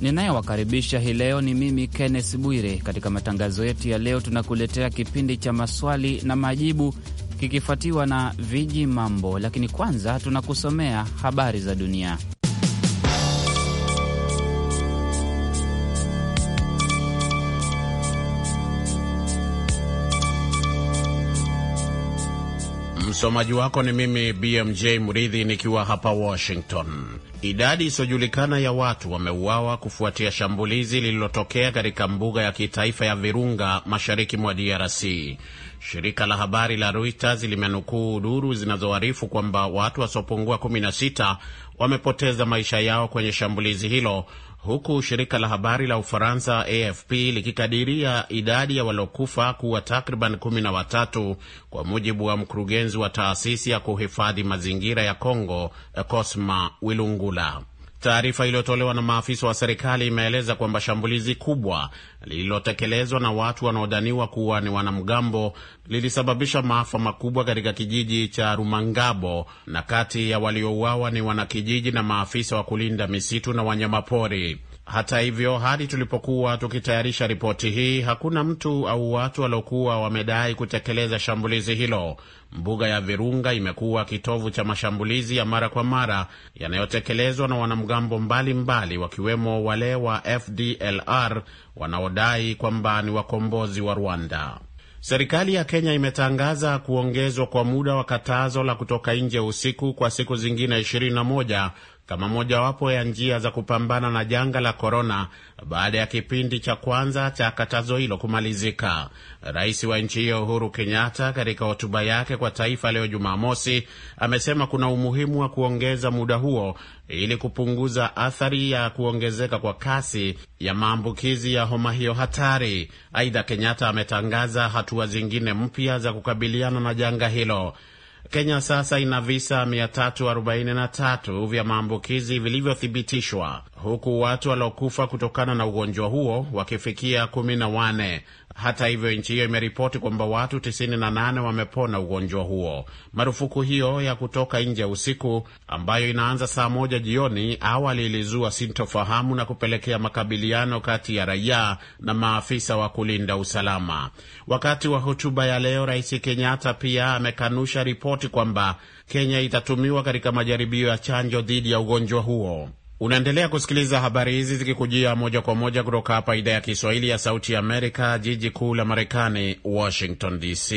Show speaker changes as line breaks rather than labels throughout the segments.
Ninayewakaribisha hii leo ni mimi Kenneth Bwire. Katika matangazo yetu ya leo, tunakuletea kipindi cha maswali na majibu kikifuatiwa na viji mambo, lakini kwanza tunakusomea habari za dunia.
Msomaji wako ni mimi BMJ Mridhi nikiwa hapa Washington. Idadi isiyojulikana ya watu wameuawa kufuatia shambulizi lililotokea katika mbuga ya kitaifa ya Virunga mashariki mwa DRC. Shirika la habari la Reuters limenukuu duru zinazoarifu kwamba watu wasiopungua 16 wamepoteza maisha yao kwenye shambulizi hilo huku shirika la habari la Ufaransa AFP likikadiria idadi ya waliokufa kuwa takriban kumi na watatu kwa mujibu wa mkurugenzi wa taasisi ya kuhifadhi mazingira ya congo Cosma Wilungula. Taarifa iliyotolewa na maafisa wa serikali imeeleza kwamba shambulizi kubwa lililotekelezwa na watu wanaodhaniwa kuwa ni wanamgambo lilisababisha maafa makubwa katika kijiji cha Rumangabo, na kati ya waliouawa ni wanakijiji na maafisa wa kulinda misitu na wanyamapori. Hata hivyo, hadi tulipokuwa tukitayarisha ripoti hii, hakuna mtu au watu waliokuwa wamedai kutekeleza shambulizi hilo. Mbuga ya Virunga imekuwa kitovu cha mashambulizi ya mara kwa mara yanayotekelezwa na wanamgambo mbalimbali mbali, wakiwemo wale wa FDLR wanaodai kwamba ni wakombozi wa Rwanda. Serikali ya Kenya imetangaza kuongezwa kwa muda wa katazo la kutoka nje usiku kwa siku zingine 21 kama mojawapo ya njia za kupambana na janga la korona baada ya kipindi cha kwanza cha katazo hilo kumalizika. Rais wa nchi hiyo Uhuru Kenyatta, katika hotuba yake kwa taifa leo Jumamosi, amesema kuna umuhimu wa kuongeza muda huo ili kupunguza athari ya kuongezeka kwa kasi ya maambukizi ya homa hiyo hatari. Aidha, Kenyatta ametangaza hatua zingine mpya za kukabiliana na janga hilo. Kenya sasa ina visa 343 vya maambukizi vilivyothibitishwa huku watu waliokufa kutokana na ugonjwa huo wakifikia kumi na wane. Hata hivyo, nchi hiyo imeripoti kwamba watu 98 wamepona ugonjwa huo. Marufuku hiyo ya kutoka nje usiku ambayo inaanza saa moja jioni awali ilizua sintofahamu na kupelekea makabiliano kati ya raia na maafisa wa kulinda usalama. Wakati wa hotuba ya leo, Rais Kenyatta pia amekanusha ripoti kwamba Kenya itatumiwa katika majaribio ya chanjo dhidi ya ugonjwa huo. Unaendelea kusikiliza habari hizi zikikujia moja kwa moja kutoka hapa idhaa ya Kiswahili ya Sauti ya Amerika, jiji kuu la Marekani, Washington DC.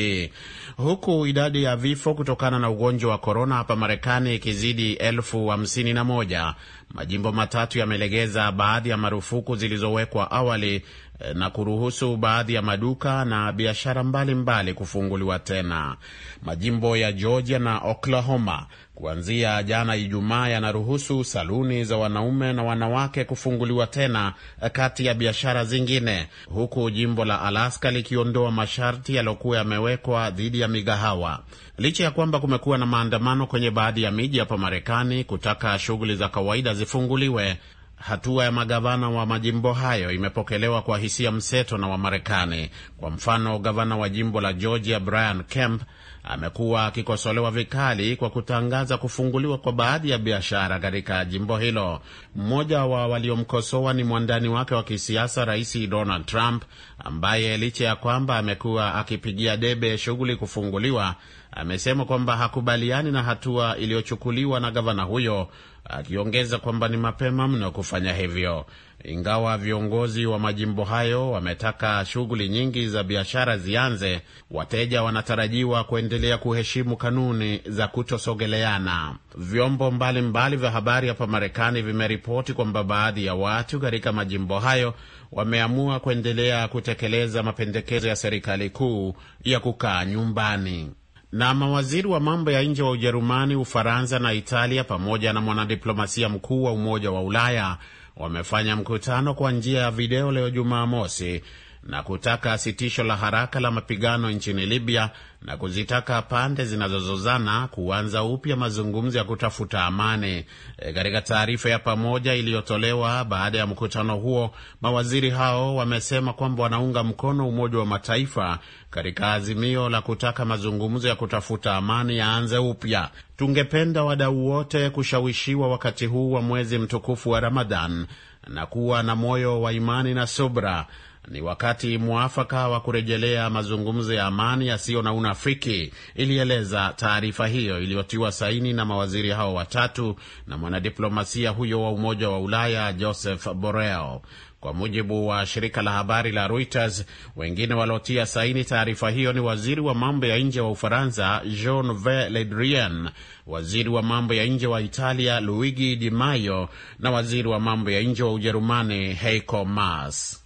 Huku idadi ya vifo kutokana na ugonjwa wa korona hapa Marekani ikizidi elfu hamsini na moja, majimbo matatu yamelegeza baadhi ya marufuku zilizowekwa awali Eh, na kuruhusu baadhi ya maduka na biashara mbalimbali kufunguliwa tena. Majimbo ya Georgia na Oklahoma kuanzia jana Ijumaa yanaruhusu saluni za wanaume na wanawake kufunguliwa tena eh, kati ya biashara zingine, huku jimbo la Alaska likiondoa masharti yaliyokuwa yamewekwa dhidi ya migahawa. Licha ya kwamba kumekuwa na maandamano kwenye baadhi ya miji hapa Marekani kutaka shughuli za kawaida zifunguliwe, Hatua ya magavana wa majimbo hayo imepokelewa kwa hisia mseto na Wamarekani. Kwa mfano, gavana wa jimbo la Georgia Brian Kemp amekuwa akikosolewa vikali kwa kutangaza kufunguliwa kwa baadhi ya biashara katika jimbo hilo. Mmoja wa waliomkosoa ni mwandani wake wa kisiasa, Rais Donald Trump, ambaye licha ya kwamba amekuwa akipigia debe shughuli kufunguliwa amesema kwamba hakubaliani na hatua iliyochukuliwa na gavana huyo, akiongeza kwamba ni mapema mno kufanya hivyo, ingawa viongozi wa majimbo hayo wametaka shughuli nyingi za biashara zianze. Wateja wanatarajiwa kuendelea kuheshimu kanuni za kutosogeleana. Vyombo mbalimbali vya habari hapa Marekani vimeripoti kwamba baadhi ya watu katika majimbo hayo wameamua kuendelea kutekeleza mapendekezo ya serikali kuu ya kukaa nyumbani. Na mawaziri wa mambo ya nje wa Ujerumani, Ufaransa na Italia pamoja na mwanadiplomasia mkuu wa Umoja wa Ulaya wamefanya mkutano kwa njia ya video leo Jumamosi na kutaka sitisho la haraka la mapigano nchini Libya na kuzitaka pande zinazozozana kuanza upya mazungumzo ya kutafuta amani. E, katika e, taarifa ya pamoja iliyotolewa baada ya mkutano huo, mawaziri hao wamesema kwamba wanaunga mkono Umoja wa Mataifa katika azimio la kutaka mazungumzo ya kutafuta amani yaanze upya. Tungependa wadau wote kushawishiwa wakati huu wa mwezi mtukufu wa Ramadhan na kuwa na moyo wa imani na subra ni wakati mwafaka wa kurejelea mazungumzo ya amani yasiyo na unafiki, ilieleza taarifa hiyo iliyotiwa saini na mawaziri hao watatu na mwanadiplomasia huyo wa Umoja wa Ulaya Joseph Borrell. Kwa mujibu wa shirika la habari la Reuters, wengine waliotia saini taarifa hiyo ni waziri wa mambo ya nje wa Ufaransa jean ve Le Drian, waziri wa mambo ya nje wa Italia Luigi Di Maio na waziri wa mambo ya nje wa Ujerumani Heiko Maas.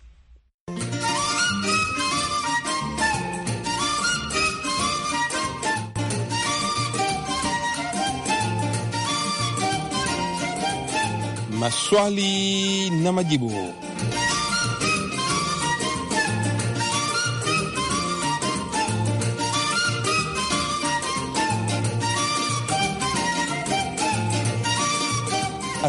Maswali na majibu.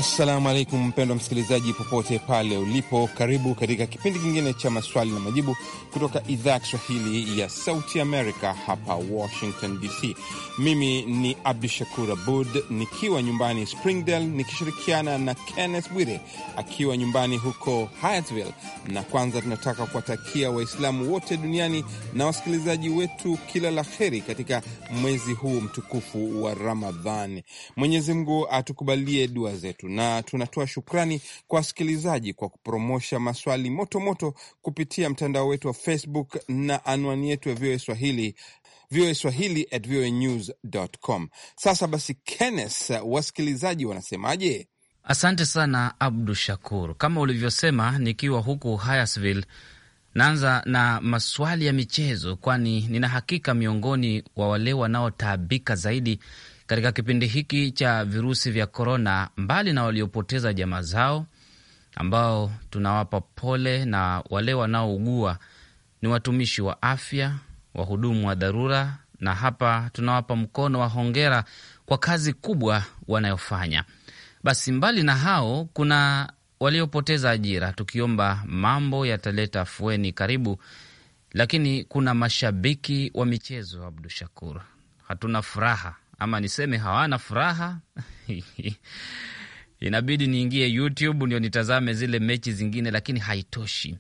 Assalamu alaikum, mpendwa msikilizaji, popote pale ulipo, karibu katika kipindi kingine cha maswali na majibu kutoka idhaa ya Kiswahili ya Sauti Amerika hapa Washington DC. Mimi ni Abdu Shakur Abud nikiwa nyumbani Springdale, nikishirikiana na Kenneth Bwire akiwa nyumbani huko Hyattsville. Na kwanza tunataka kuwatakia Waislamu wote duniani na wasikilizaji wetu kila la heri katika mwezi huu mtukufu wa Ramadhani. Mwenyezi Mungu atukubalie dua zetu na tunatoa shukrani kwa wasikilizaji kwa kupromosha maswali motomoto moto kupitia mtandao wetu wa Facebook na anwani yetu ya VOA Swahili VOA Swahili at VOA News com. Sasa basi, Kenneth, wasikilizaji wanasemaje?
Asante sana Abdu Shakur, kama ulivyosema, nikiwa huku Hyattsville naanza na maswali ya michezo, kwani nina hakika miongoni wa wale wanaotaabika zaidi katika kipindi hiki cha virusi vya korona, mbali na waliopoteza jamaa zao ambao tunawapa pole na wale wanaougua, ni watumishi wa afya, wahudumu wa dharura, na hapa tunawapa mkono wa hongera kwa kazi kubwa wanayofanya. Basi mbali na hao, kuna waliopoteza ajira, tukiomba mambo yataleta afueni karibu. Lakini kuna mashabiki wa michezo, Abdu Shakur, hatuna furaha ama niseme hawana furaha inabidi niingie YouTube ndio nitazame zile mechi zingine, lakini haitoshi.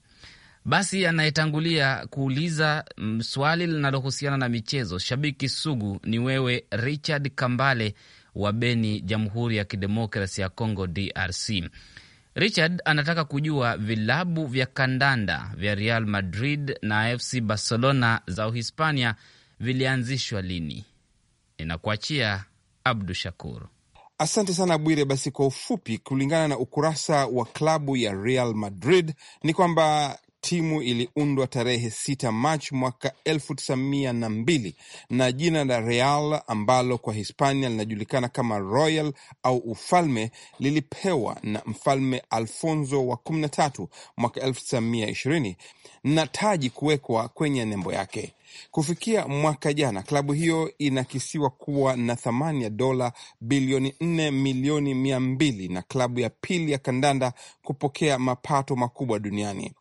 Basi anayetangulia kuuliza mm, swali linalohusiana na michezo, shabiki sugu ni wewe Richard Kambale wa Beni, Jamhuri ya Kidemokrasi ya Congo, DRC. Richard anataka kujua vilabu vya kandanda vya Real Madrid na FC Barcelona za Uhispania vilianzishwa lini? Ninakuachia Abdu
Shakur. Asante sana Bwire. Basi kwa ufupi, kulingana na ukurasa wa klabu ya Real Madrid ni kwamba timu iliundwa tarehe 6 Machi mwaka elfu na mbili na jina la Real ambalo kwa Hispania linajulikana kama Royal au Ufalme lilipewa na Mfalme Alfonso wa 13 mwaka elfu na taji kuwekwa kwenye nembo yake. Kufikia mwaka jana, klabu hiyo inakisiwa kuwa na thamani ya dola bilioni 4 milioni mia mbili na klabu ya pili ya kandanda kupokea mapato makubwa duniani.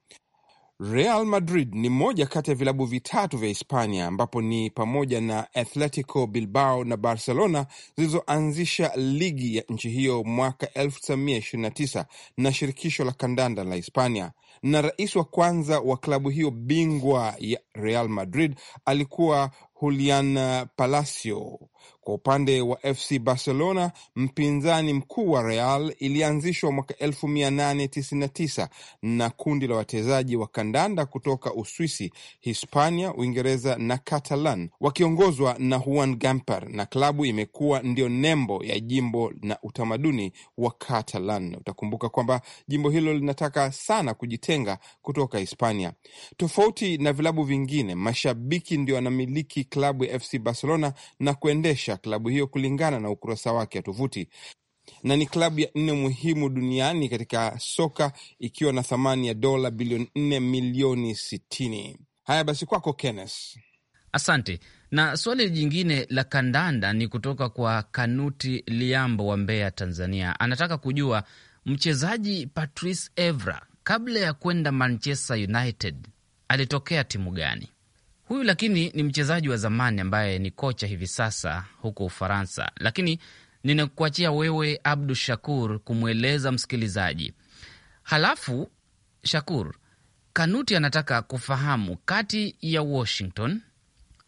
Real Madrid ni moja kati ya vilabu vitatu vya Hispania ambapo ni pamoja na Atletico Bilbao na Barcelona zilizoanzisha ligi ya nchi hiyo mwaka 1929 na shirikisho la kandanda la Hispania, na rais wa kwanza wa klabu hiyo bingwa ya Real Madrid alikuwa Julian Palacio kwa upande wa FC Barcelona, mpinzani mkuu wa Real, ilianzishwa mwaka 1899 na kundi la wachezaji wa kandanda kutoka Uswisi, Hispania, Uingereza na Catalan wakiongozwa na Juan Gamper, na klabu imekuwa ndio nembo ya jimbo na utamaduni wa Catalan. Utakumbuka kwamba jimbo hilo linataka sana kujitenga kutoka Hispania. Tofauti na vilabu vingine, mashabiki ndio wanamiliki klabu ya FC Barcelona na kuende inaendesha klabu hiyo kulingana na ukurasa wake wa tovuti na ni klabu ya nne muhimu duniani katika soka ikiwa na thamani ya dola bilioni nne milioni sitini. Haya basi, kwako Kennes,
Asante. Na swali jingine la kandanda ni kutoka kwa Kanuti Liambo wa Mbeya, Tanzania. Anataka kujua mchezaji Patrice Evra kabla ya kwenda Manchester United alitokea timu gani? Huyu lakini ni mchezaji wa zamani ambaye ni kocha hivi sasa huko Ufaransa, lakini ninakuachia wewe Abdu Shakur kumweleza msikilizaji. Halafu Shakur, Kanuti anataka kufahamu kati ya Washington,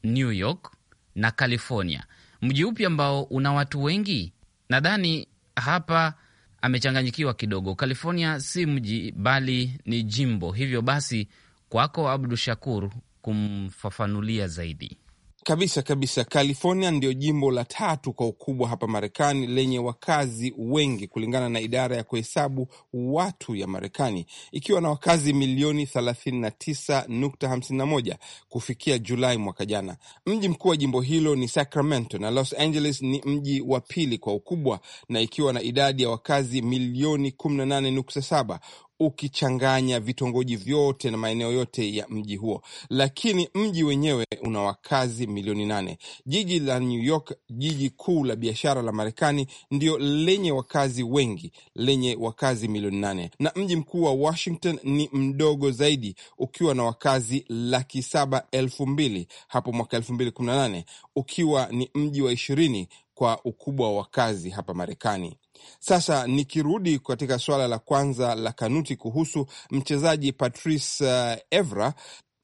New York na California, mji upi ambao una watu wengi? Nadhani hapa amechanganyikiwa kidogo. California si mji bali ni jimbo, hivyo basi kwako Abdu Shakur kumfafanulia
zaidi. Kabisa kabisa, California ndio jimbo la tatu kwa ukubwa hapa Marekani lenye wakazi wengi kulingana na idara ya kuhesabu watu ya Marekani, ikiwa na wakazi milioni 39.51 kufikia Julai mwaka jana. Mji mkuu wa jimbo hilo ni Sacramento na Los Angeles ni mji wa pili kwa ukubwa na ikiwa na idadi ya wakazi milioni 18.7, ukichanganya vitongoji vyote na maeneo yote ya mji huo, lakini mji wenyewe una wakazi milioni nane. Jiji la New York, jiji kuu la biashara la Marekani, ndio lenye wakazi wengi, lenye wakazi milioni nane, na mji mkuu wa Washington ni mdogo zaidi ukiwa na wakazi laki saba elfu mbili hapo mwaka elfu mbili kumi na nane ukiwa ni mji wa ishirini kwa ukubwa wa kazi hapa Marekani. Sasa nikirudi katika suala la kwanza la Kanuti kuhusu mchezaji Patrice eh, Evra,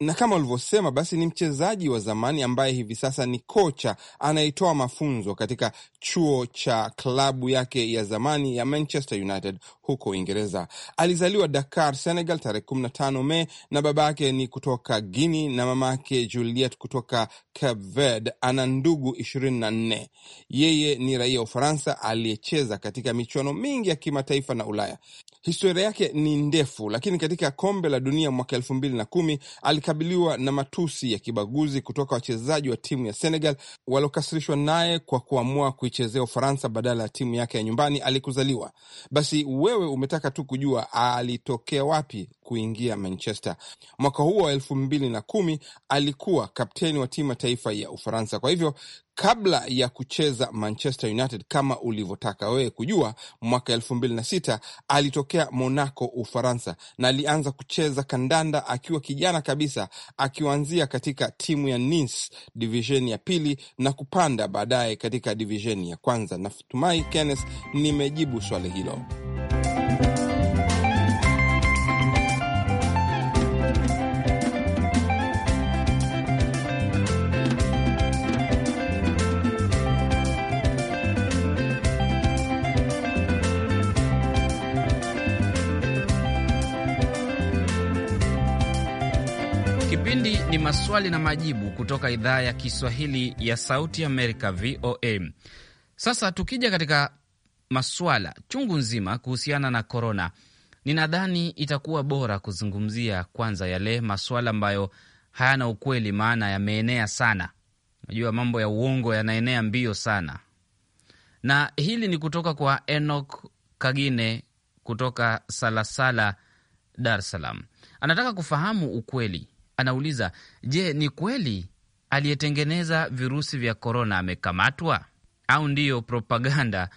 na kama ulivyosema, basi ni mchezaji wa zamani ambaye hivi sasa ni kocha anayetoa mafunzo katika chuo cha klabu yake ya zamani ya Manchester United huko Uingereza. Alizaliwa Dakar, Senegal tarehe 15 Mei, na baba yake ni kutoka Guini na mama yake Juliet kutoka Cape Verde. Ana ndugu 24. Yeye ni raia wa Ufaransa aliyecheza katika michuano mingi ya kimataifa na Ulaya. Historia yake ni ndefu, lakini katika kombe la dunia mwaka elfu mbili na kumi alika alikabiliwa na matusi ya kibaguzi kutoka wachezaji wa timu ya Senegal waliokasirishwa naye kwa kuamua kuichezea Ufaransa badala ya timu yake ya nyumbani alikuzaliwa. Basi wewe umetaka tu kujua alitokea wapi kuingia Manchester. Mwaka huo wa elfu mbili na kumi alikuwa kapteni wa timu ya taifa ya Ufaransa. Kwa hivyo kabla ya kucheza Manchester United kama ulivyotaka wewe kujua, mwaka elfu mbili na sita alitokea Monaco, Ufaransa, na alianza kucheza kandanda akiwa kijana kabisa, akiwanzia katika timu ya Nice divisheni ya pili na kupanda baadaye katika divisheni ya kwanza. Natumai Kenneth, nimejibu swali hilo.
ni maswali na majibu kutoka idhaa ya Kiswahili ya Sauti Amerika, VOA. Sasa tukija katika maswala chungu nzima kuhusiana na korona, ninadhani itakuwa bora kuzungumzia kwanza yale maswala ambayo hayana ukweli, maana yameenea sana. Najua mambo ya uongo yanaenea mbio sana, na hili ni kutoka kwa Enoch Kagine kutoka Salasala, Dar es Salaam. Anataka kufahamu ukweli Anauliza, je, ni kweli aliyetengeneza virusi vya korona amekamatwa au ndiyo propaganda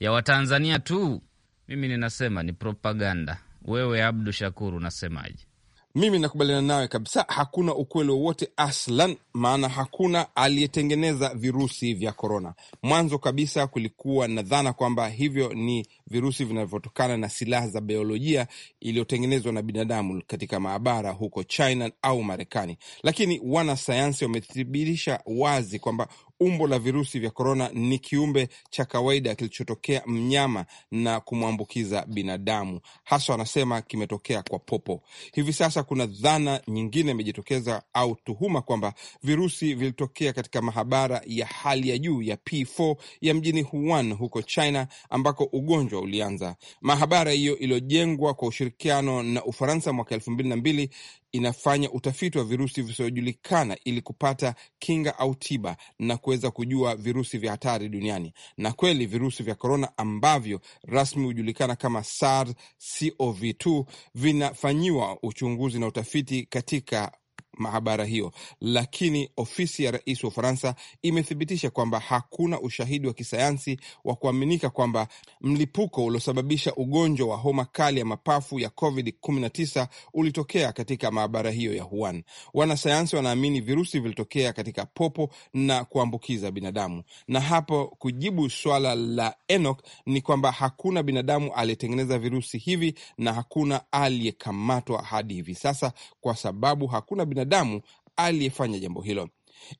ya Watanzania tu? Mimi ninasema ni propaganda. Wewe
Abdu Shakur, unasemaje? Mimi nakubaliana nawe kabisa, hakuna ukweli wowote aslan, maana hakuna aliyetengeneza virusi vya korona. Mwanzo kabisa kulikuwa na dhana kwamba hivyo ni virusi vinavyotokana na silaha za biolojia iliyotengenezwa na binadamu katika maabara huko China au Marekani, lakini wanasayansi wamethibitisha wazi kwamba umbo la virusi vya korona ni kiumbe cha kawaida kilichotokea mnyama na kumwambukiza binadamu, haswa anasema kimetokea kwa popo. Hivi sasa kuna dhana nyingine imejitokeza au tuhuma kwamba virusi vilitokea katika mahabara ya hali ya juu ya P4 ya mjini Wuhan huko China, ambako ugonjwa ulianza. Mahabara hiyo iliyojengwa kwa ushirikiano na Ufaransa mwaka elfu mbili na mbili inafanya utafiti wa virusi visivyojulikana ili kupata kinga au tiba na kuweza kujua virusi vya hatari duniani. Na kweli virusi vya korona ambavyo rasmi hujulikana kama SARS CoV2 vinafanyiwa uchunguzi na utafiti katika maabara hiyo, lakini ofisi ya rais wa Ufaransa imethibitisha kwamba hakuna ushahidi wa kisayansi wa kuaminika kwamba mlipuko uliosababisha ugonjwa wa homa kali ya mapafu ya COVID-19 ulitokea katika maabara hiyo ya Wuhan. Wanasayansi wanaamini virusi vilitokea katika popo na kuambukiza binadamu. Na hapo kujibu swala la Enoch ni kwamba hakuna binadamu aliyetengeneza virusi hivi na hakuna aliyekamatwa hadi hivi sasa, kwa sababu hakuna binadamu binadamu aliyefanya jambo hilo.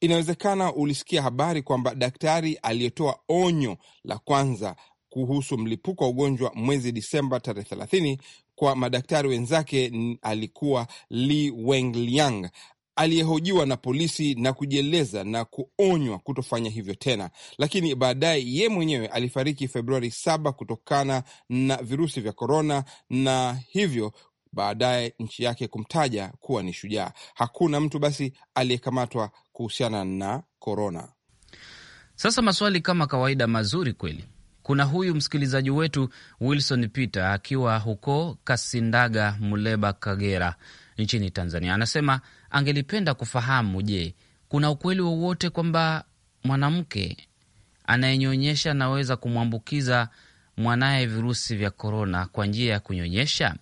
Inawezekana ulisikia habari kwamba daktari aliyetoa onyo la kwanza kuhusu mlipuko wa ugonjwa mwezi Disemba tarehe 30 kwa madaktari wenzake alikuwa Li Wenliang aliyehojiwa na polisi na kujieleza na kuonywa kutofanya hivyo tena, lakini baadaye ye mwenyewe alifariki Februari saba kutokana na virusi vya korona, na hivyo baadaye nchi yake kumtaja kuwa ni shujaa. Hakuna mtu basi aliyekamatwa kuhusiana na korona. Sasa maswali kama kawaida mazuri kweli.
Kuna huyu msikilizaji wetu Wilson Peter akiwa huko Kasindaga, Muleba, Kagera nchini Tanzania, anasema angelipenda kufahamu, je, kuna ukweli wowote kwamba mwanamke anayenyonyesha anaweza kumwambukiza mwanaye virusi vya korona kwa njia ya kunyonyesha?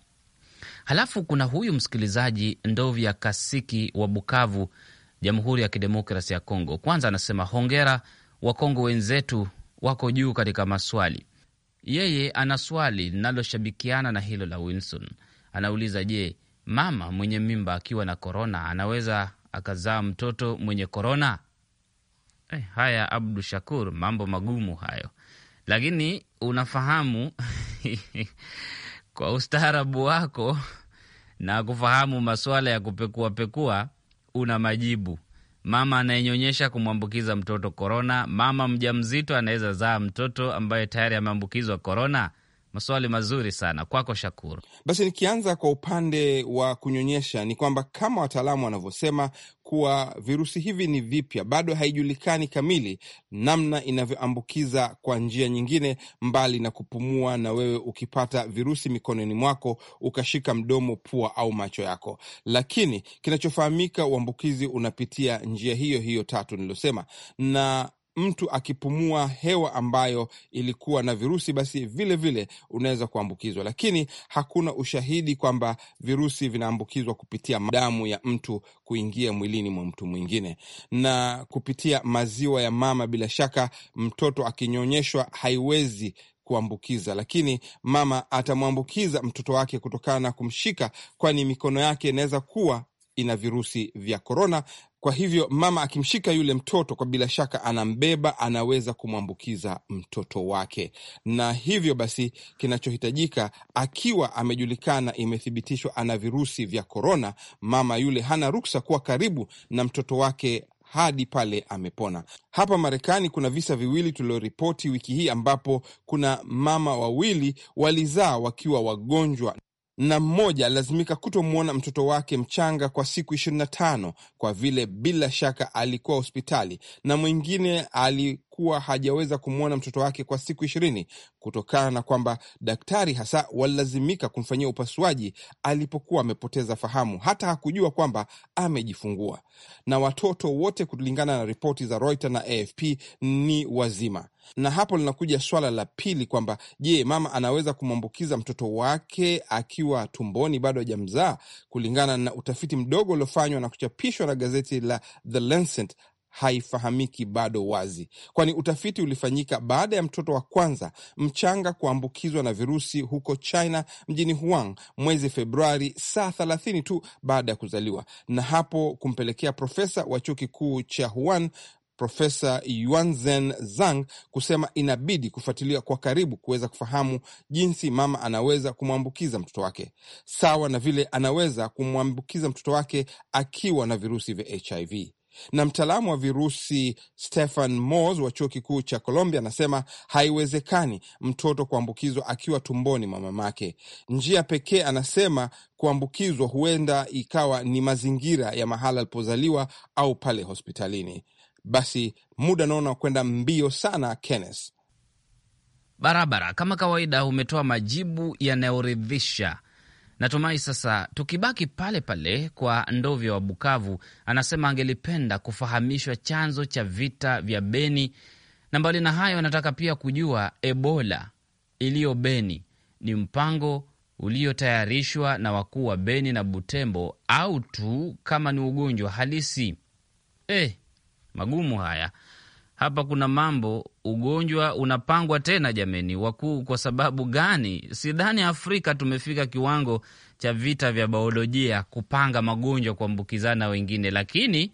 Halafu kuna huyu msikilizaji Ndovya Kasiki wa Bukavu, Jamhuri ya Kidemokrasi ya Kongo. Kwanza anasema hongera Wakongo wenzetu, wako juu katika maswali. Yeye ana swali linaloshabikiana na hilo la Wilson. Anauliza, je, mama mwenye mimba akiwa na korona anaweza akazaa mtoto mwenye korona? Eh, haya Abdu Shakur, mambo magumu hayo, lakini unafahamu kwa ustaarabu wako na kufahamu masuala ya kupekuapekua, una majibu. Mama anayenyonyesha kumwambukiza mtoto korona, mama mjamzito anaweza zaa mtoto ambaye tayari ameambukizwa korona. Maswali mazuri sana kwako Shakuru.
Basi nikianza kwa upande wa kunyonyesha, ni kwamba kama wataalamu wanavyosema kuwa virusi hivi ni vipya, bado haijulikani kamili namna inavyoambukiza kwa njia nyingine mbali na kupumua, na wewe ukipata virusi mikononi mwako ukashika mdomo, pua au macho yako. Lakini kinachofahamika, uambukizi unapitia njia hiyo hiyo tatu nilosema, na mtu akipumua hewa ambayo ilikuwa na virusi, basi vilevile unaweza kuambukizwa, lakini hakuna ushahidi kwamba virusi vinaambukizwa kupitia damu ya mtu kuingia mwilini mwa mtu mwingine na kupitia maziwa ya mama. Bila shaka mtoto akinyonyeshwa haiwezi kuambukiza lakini mama atamwambukiza mtoto wake kutokana na kumshika, kwani mikono yake inaweza kuwa ina virusi vya korona kwa hivyo mama akimshika yule mtoto, kwa bila shaka anambeba, anaweza kumwambukiza mtoto wake, na hivyo basi kinachohitajika, akiwa amejulikana, imethibitishwa ana virusi vya korona, mama yule hana ruksa kuwa karibu na mtoto wake hadi pale amepona. Hapa Marekani kuna visa viwili tulioripoti wiki hii, ambapo kuna mama wawili walizaa wakiwa wagonjwa na mmoja alilazimika kutomwona mtoto wake mchanga kwa siku 25 kwa vile bila shaka alikuwa hospitali, na mwingine ali kuwa hajaweza kumwona mtoto wake kwa siku ishirini kutokana na kwamba daktari hasa walilazimika kumfanyia upasuaji alipokuwa amepoteza fahamu, hata hakujua kwamba amejifungua. Na watoto wote kulingana na ripoti za Reuters na AFP ni wazima. Na hapo linakuja swala la pili kwamba je, mama anaweza kumwambukiza mtoto wake akiwa tumboni bado hajamzaa? Kulingana na utafiti mdogo uliofanywa na kuchapishwa na gazeti la The Lancet, haifahamiki bado wazi, kwani utafiti ulifanyika baada ya mtoto wa kwanza mchanga kuambukizwa na virusi huko China mjini Huang mwezi Februari, saa thelathini tu baada ya kuzaliwa, na hapo kumpelekea profesa wa chuo kikuu cha Huan Profesa Yuanzen Zhang kusema inabidi kufuatilia kwa karibu kuweza kufahamu jinsi mama anaweza kumwambukiza mtoto wake, sawa na vile anaweza kumwambukiza mtoto wake akiwa na virusi vya HIV na mtaalamu wa virusi Stefan Moss wa chuo kikuu cha Colombia anasema haiwezekani mtoto kuambukizwa akiwa tumboni mwa mamake. Njia pekee anasema kuambukizwa huenda ikawa ni mazingira ya mahala alipozaliwa au pale hospitalini. Basi muda naona kwenda mbio sana, Kenneth.
Barabara kama kawaida, umetoa majibu yanayoridhisha. Natumai sasa, tukibaki pale pale kwa Ndovya wa Bukavu, anasema angelipenda kufahamishwa chanzo cha vita vya Beni, na mbali na hayo anataka pia kujua Ebola iliyo Beni ni mpango uliotayarishwa na wakuu wa Beni na Butembo au tu kama ni ugonjwa halisi. Eh, magumu haya. Hapa kuna mambo, ugonjwa unapangwa tena. Jameni wakuu, kwa sababu gani? Sidhani Afrika tumefika kiwango cha vita vya biolojia kupanga magonjwa kuambukizana wengine. Lakini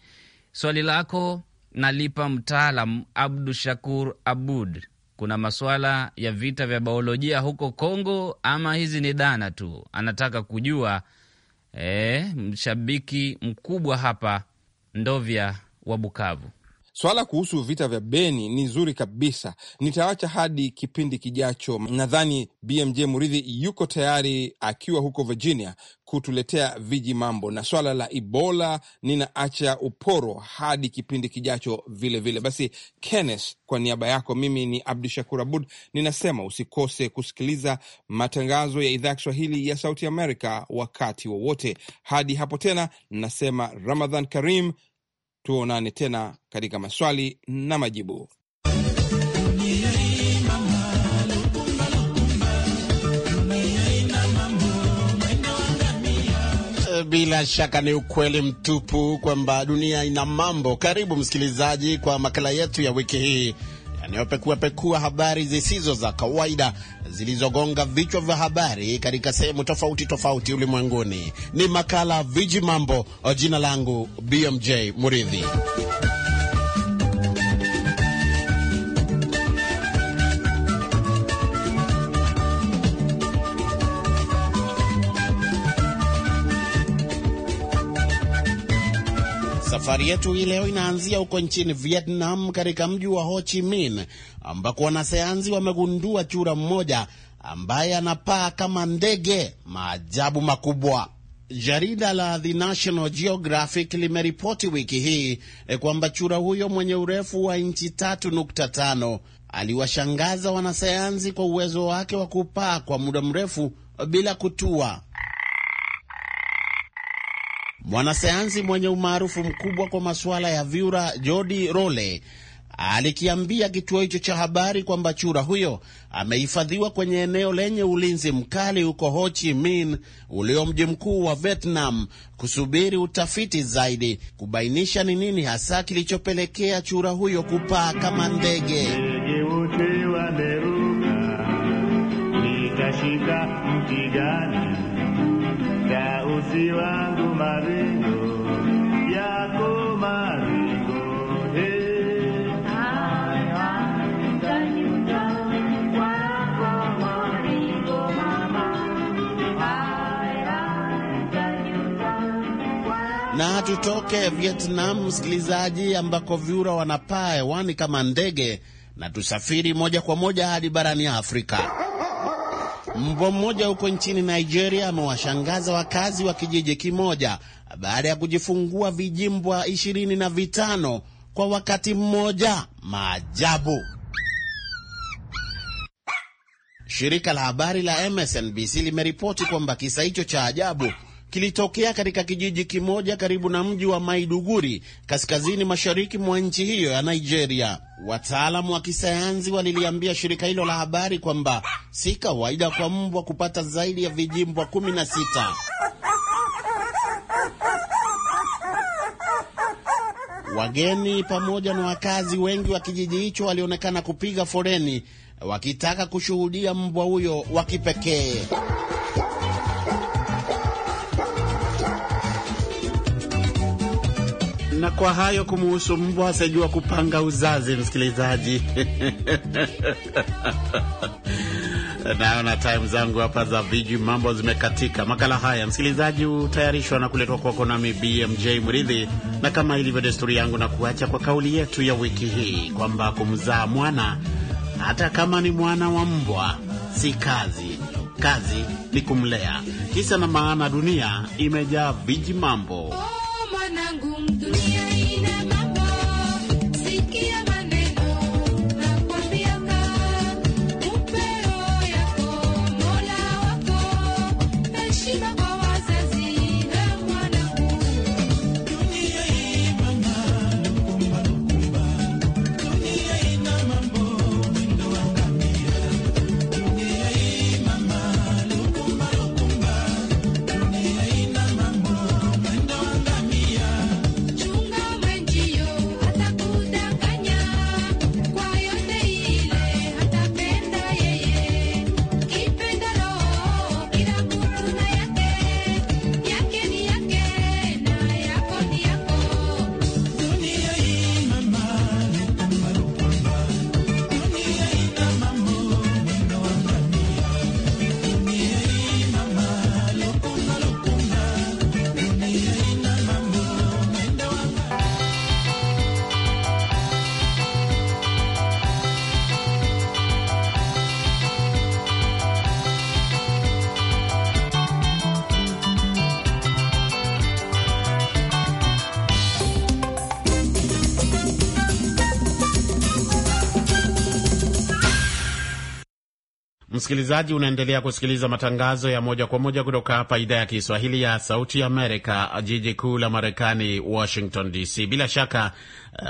swali lako nalipa mtaalam Abdu Shakur Abud, kuna masuala ya vita vya biolojia huko Kongo ama hizi ni dana tu? Anataka kujua
eh, mshabiki mkubwa hapa Ndovya wa Bukavu. Swala kuhusu vita vya Beni ni zuri kabisa, nitaacha hadi kipindi kijacho. Nadhani BMJ Muridhi yuko tayari akiwa huko Virginia kutuletea viji mambo, na swala la Ebola ninaacha uporo hadi kipindi kijacho vilevile vile. Basi Kenneth, kwa niaba yako mimi ni Abdu Shakur Abud ninasema usikose kusikiliza matangazo ya idhaa ya Kiswahili ya Sauti Amerika wakati wowote. Hadi hapo tena, nasema Ramadhan Karim. Tuonane tena katika maswali na majibu.
Bila shaka ni ukweli mtupu kwamba dunia ina mambo. Karibu msikilizaji, kwa makala yetu ya wiki hii yanayopekuapekua habari zisizo za kawaida zilizogonga vichwa vya habari katika sehemu tofauti tofauti ulimwenguni. Ni makala Viji Mambo. Jina langu BMJ Muridhi. Safari yetu hii leo inaanzia huko nchini Vietnam, katika mji wa Ho Chi Minh ambako wanasayansi wamegundua chura mmoja ambaye anapaa kama ndege. Maajabu makubwa. Jarida la The National Geographic limeripoti wiki hii e, kwamba chura huyo mwenye urefu wa inchi 3.5 aliwashangaza wanasayansi kwa uwezo wake wa kupaa kwa muda mrefu bila kutua. Mwanasayansi mwenye umaarufu mkubwa kwa masuala ya vyura Jodi Role alikiambia kituo hicho cha habari kwamba chura huyo amehifadhiwa kwenye eneo lenye ulinzi mkali huko Ho Chi Minh ulio mji mkuu wa Vietnam kusubiri utafiti zaidi kubainisha ni nini hasa kilichopelekea chura huyo kupaa kama ndege. Kausi wangu maringo yako maringo na tutoke Vietnam, msikilizaji, ambako vyura wanapaa hewani kama ndege, na tusafiri moja kwa moja hadi barani Afrika. Mbwa mmoja huko nchini Nigeria amewashangaza wakazi wa kijiji kimoja baada ya kujifungua vijimbwa ishirini na vitano kwa wakati mmoja. Maajabu! Shirika la habari la MSNBC limeripoti kwamba kisa hicho cha ajabu kilitokea katika kijiji kimoja karibu na mji wa Maiduguri, kaskazini mashariki mwa nchi hiyo ya Nigeria. Wataalamu wa kisayansi waliliambia shirika hilo la habari kwamba si kawaida kwa mbwa kupata zaidi ya vijimbwa kumi na sita. Wageni pamoja na wakazi wengi wa kijiji hicho walionekana kupiga foleni wakitaka kushuhudia mbwa huyo wa kipekee. na kwa hayo kumuhusu mbwa asijua kupanga uzazi, msikilizaji. Naona time zangu hapa za viji mambo zimekatika. Makala haya msikilizaji, hutayarishwa na kuletwa kwako nami BMJ Mridhi, na kama ilivyo desturi yangu, na kuacha kwa kauli yetu ya wiki hii kwamba kumzaa mwana, hata kama ni mwana wa mbwa, si kazi. Kazi ni kumlea. Kisa na maana, dunia imejaa viji mambo. Oh, Msikilizaji, unaendelea kusikiliza matangazo ya moja kwa moja kutoka hapa idhaa ya Kiswahili ya Sauti ya Amerika, jiji kuu la Marekani, Washington DC. Bila shaka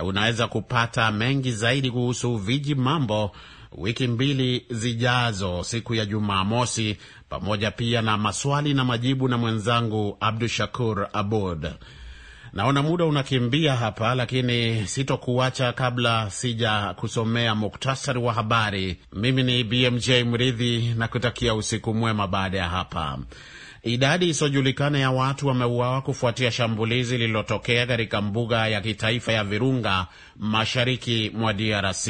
uh, unaweza kupata mengi zaidi kuhusu viji mambo wiki mbili zijazo, siku ya Jumamosi, pamoja pia na maswali na majibu na mwenzangu Abdu Shakur Abud. Naona muda unakimbia hapa, lakini sitokuacha kabla sija kusomea muktasari wa habari. Mimi ni BMJ Mridhi na kutakia usiku mwema. Baada ya hapa, idadi isiyojulikana ya watu wameuawa kufuatia shambulizi lililotokea katika mbuga ya kitaifa ya Virunga mashariki mwa DRC.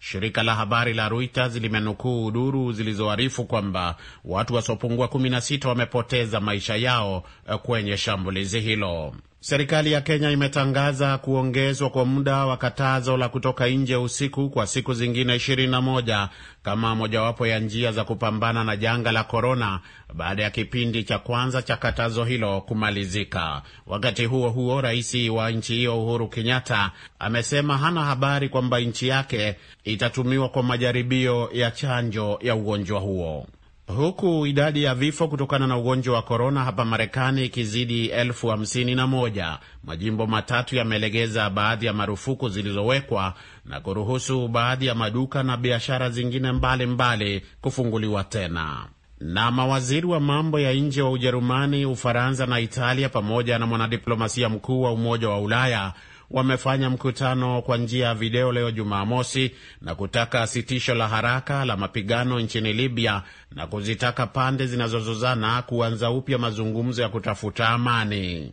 Shirika la habari la Reuters limenukuu duru zilizoarifu kwamba watu wasiopungua 16 wamepoteza maisha yao eh, kwenye shambulizi hilo. Serikali ya Kenya imetangaza kuongezwa kwa muda wa katazo la kutoka nje usiku kwa siku zingine 21 kama mojawapo ya njia za kupambana na janga la korona baada ya kipindi cha kwanza cha katazo hilo kumalizika. Wakati huo huo, rais wa nchi hiyo Uhuru Kenyatta amesema hana habari kwamba nchi yake itatumiwa kwa majaribio ya chanjo ya ugonjwa huo. Huku idadi ya vifo kutokana na ugonjwa wa korona hapa Marekani ikizidi elfu hamsini na moja, majimbo matatu yamelegeza baadhi ya marufuku zilizowekwa na kuruhusu baadhi ya maduka na biashara zingine mbalimbali mbali kufunguliwa tena. Na mawaziri wa mambo ya nje wa Ujerumani, Ufaransa na Italia pamoja na mwanadiplomasia mkuu wa Umoja wa Ulaya wamefanya mkutano kwa njia ya video leo Jumamosi na kutaka sitisho la haraka la mapigano nchini Libya na kuzitaka pande zinazozozana kuanza upya mazungumzo ya
kutafuta amani.